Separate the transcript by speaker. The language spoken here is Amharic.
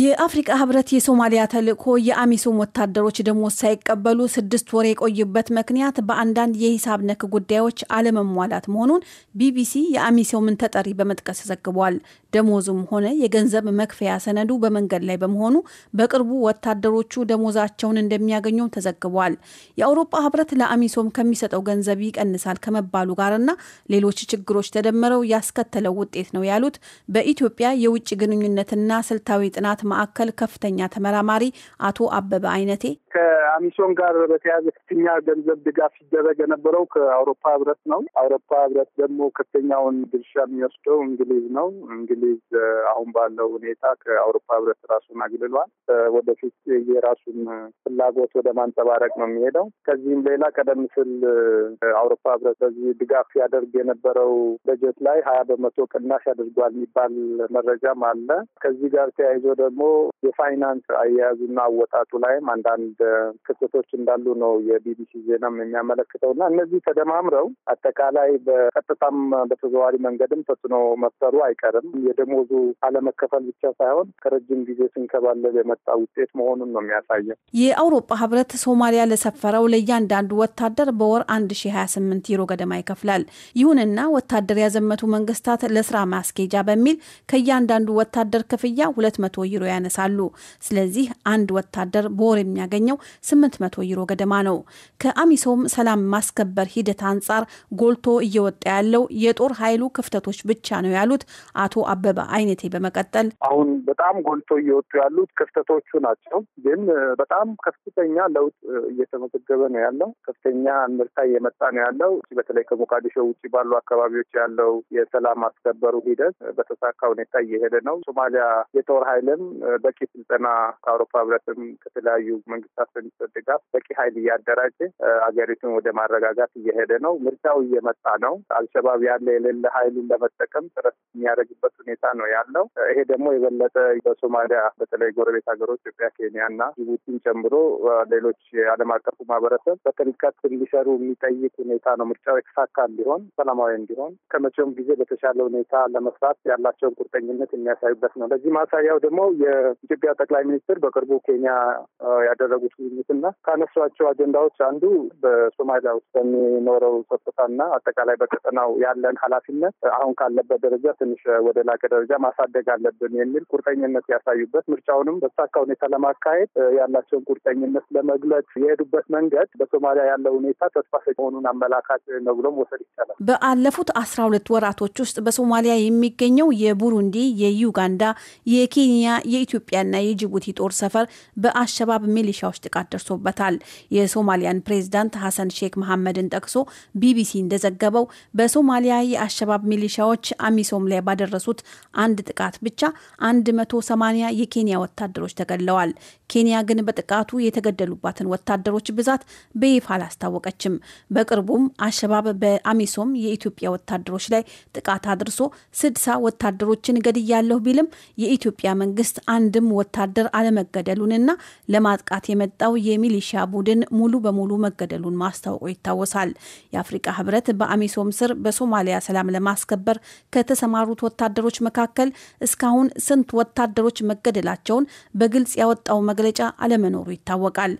Speaker 1: የአፍሪቃ ህብረት የሶማሊያ ተልእኮ የአሚሶም ወታደሮች ደሞዝ ሳይቀበሉ ስድስት ወር የቆዩበት ምክንያት በአንዳንድ የሂሳብ ነክ ጉዳዮች አለመሟላት መሆኑን ቢቢሲ የአሚሶምን ተጠሪ በመጥቀስ ዘግቧል። ደሞዙም ሆነ የገንዘብ መክፈያ ሰነዱ በመንገድ ላይ በመሆኑ በቅርቡ ወታደሮቹ ደሞዛቸውን እንደሚያገኙም ተዘግቧል። የአውሮፓ ህብረት ለአሚሶም ከሚሰጠው ገንዘብ ይቀንሳል ከመባሉ ጋርና ሌሎች ችግሮች ተደምረው ያስከተለው ውጤት ነው ያሉት በኢትዮጵያ የውጭ ግንኙነትና ስልታዊ ጥናት ማዕከል ከፍተኛ ተመራማሪ አቶ አበበ አይነቴ
Speaker 2: ከአሚሶን ጋር በተያያዘ ከፍተኛ ገንዘብ ድጋፍ ሲደረግ የነበረው ከአውሮፓ ህብረት ነው። አውሮፓ ህብረት ደግሞ ከፍተኛውን ድርሻ የሚወስደው እንግሊዝ ነው። እንግሊዝ አሁን ባለው ሁኔታ ከአውሮፓ ህብረት ራሱን አግልሏል። ወደፊት የራሱን ፍላጎት ወደ ማንጸባረቅ ነው የሚሄደው። ከዚህም ሌላ ቀደም ሲል አውሮፓ ህብረት በዚህ ድጋፍ ያደርግ የነበረው በጀት ላይ ሀያ በመቶ ቅናሽ አድርጓል የሚባል መረጃም አለ። ከዚህ ጋር ተያይዞ ደግሞ የፋይናንስ አያያዙና አወጣጡ ላይም አንዳንድ ክስተቶች እንዳሉ ነው የቢቢሲ ዜናም የሚያመለክተው እና እነዚህ ተደማምረው አጠቃላይ በቀጥታም በተዘዋዋሪ መንገድም ተጽዕኖ መፍጠሩ አይቀርም። የደሞዙ አለመከፈል ብቻ ሳይሆን ከረጅም ጊዜ ስንከባለል የመጣ ውጤት መሆኑን ነው የሚያሳየው።
Speaker 1: የአውሮፓ ህብረት ሶማሊያ ለሰፈረው ለእያንዳንዱ ወታደር በወር 1028 ዩሮ ገደማ ይከፍላል። ይሁንና ወታደር ያዘመቱ መንግስታት ለስራ ማስኬጃ በሚል ከእያንዳንዱ ወታደር ክፍያ 200 ዩሮ ያነሳሉ። ስለዚህ አንድ ወታደር በወር የሚያገኘው የሚገኘው 800 ዩሮ ገደማ ነው። ከአሚሶም ሰላም ማስከበር ሂደት አንጻር ጎልቶ እየወጣ ያለው የጦር ኃይሉ ክፍተቶች ብቻ ነው ያሉት አቶ አበበ አይነቴ በመቀጠል
Speaker 2: አሁን በጣም ጎልቶ እየወጡ ያሉት ክፍተቶቹ ናቸው። ግን በጣም ከፍተኛ ለውጥ እየተመዘገበ ነው ያለው። ከፍተኛ ምርታ እየመጣ ነው ያለው። በተለይ ከሞቃዲሾ ውጭ ባሉ አካባቢዎች ያለው የሰላም ማስከበሩ ሂደት በተሳካ ሁኔታ እየሄደ ነው። ሶማሊያ የጦር ኃይልም በቂ ስልጠና ከአውሮፓ ህብረትም ከተለያዩ መንግስታት ለመንግስታት በሚሰጥ ድጋፍ በቂ ኃይል እያደራጀ አገሪቱን ወደ ማረጋጋት እየሄደ ነው። ምርጫው እየመጣ ነው። አልሸባብ ያለ የሌለ ሀይሉን ለመጠቀም ጥረት የሚያደርግበት ሁኔታ ነው ያለው። ይሄ ደግሞ የበለጠ በሶማሊያ በተለይ ጎረቤት ሀገሮች ኢትዮጵያ፣ ኬንያ እና ጅቡቲን ጨምሮ ሌሎች የዓለም አቀፉ ማህበረሰብ በጥልቀት እንዲሰሩ የሚጠይቅ ሁኔታ ነው። ምርጫው የተሳካ እንዲሆን፣ ሰላማዊ እንዲሆን ከመቼውም ጊዜ በተሻለ ሁኔታ ለመስራት ያላቸውን ቁርጠኝነት የሚያሳዩበት ነው። ለዚህ ማሳያው ደግሞ የኢትዮጵያ ጠቅላይ ሚኒስትር በቅርቡ ኬንያ ያደረጉት ሀገሮች ጉብኝትና ካነሷቸው አጀንዳዎች አንዱ በሶማሊያ ውስጥ በሚኖረው ጸጥታና አጠቃላይ በቀጠናው ያለን ኃላፊነት አሁን ካለበት ደረጃ ትንሽ ወደ ላቀ ደረጃ ማሳደግ አለብን የሚል ቁርጠኝነት ያሳዩበት ምርጫውንም በተሳካ ሁኔታ ለማካሄድ ያላቸውን ቁርጠኝነት ለመግለጽ የሄዱበት መንገድ በሶማሊያ ያለው ሁኔታ ተስፋ ሰጪ መሆኑን አመላካች ነው ብሎ መውሰድ ይቻላል።
Speaker 1: በአለፉት አስራ ሁለት ወራቶች ውስጥ በሶማሊያ የሚገኘው የቡሩንዲ፣ የዩጋንዳ፣ የኬንያ፣ የኢትዮጵያና የጅቡቲ ጦር ሰፈር በአሸባብ ሚሊሻዎች ጥቃት ደርሶበታል። የሶማሊያን ፕሬዝዳንት ሐሰን ሼክ መሐመድን ጠቅሶ ቢቢሲ እንደዘገበው በሶማሊያ የአሸባብ ሚሊሻዎች አሚሶም ላይ ባደረሱት አንድ ጥቃት ብቻ 180 የኬንያ ወታደሮች ተገድለዋል። ኬንያ ግን በጥቃቱ የተገደሉባትን ወታደሮች ብዛት በይፋ አላስታወቀችም። በቅርቡም አሸባብ በአሚሶም የኢትዮጵያ ወታደሮች ላይ ጥቃት አድርሶ ስድሳ ወታደሮችን ገድያለሁ ቢልም የኢትዮጵያ መንግስት አንድም ወታደር አለመገደሉንና ለማጥቃት የመ የመጣው የሚሊሺያ ቡድን ሙሉ በሙሉ መገደሉን ማስታወቁ ይታወሳል። የአፍሪቃ ህብረት በአሚሶም ስር በሶማሊያ ሰላም ለማስከበር ከተሰማሩት ወታደሮች መካከል እስካሁን ስንት ወታደሮች መገደላቸውን በግልጽ ያወጣው መግለጫ አለመኖሩ ይታወቃል።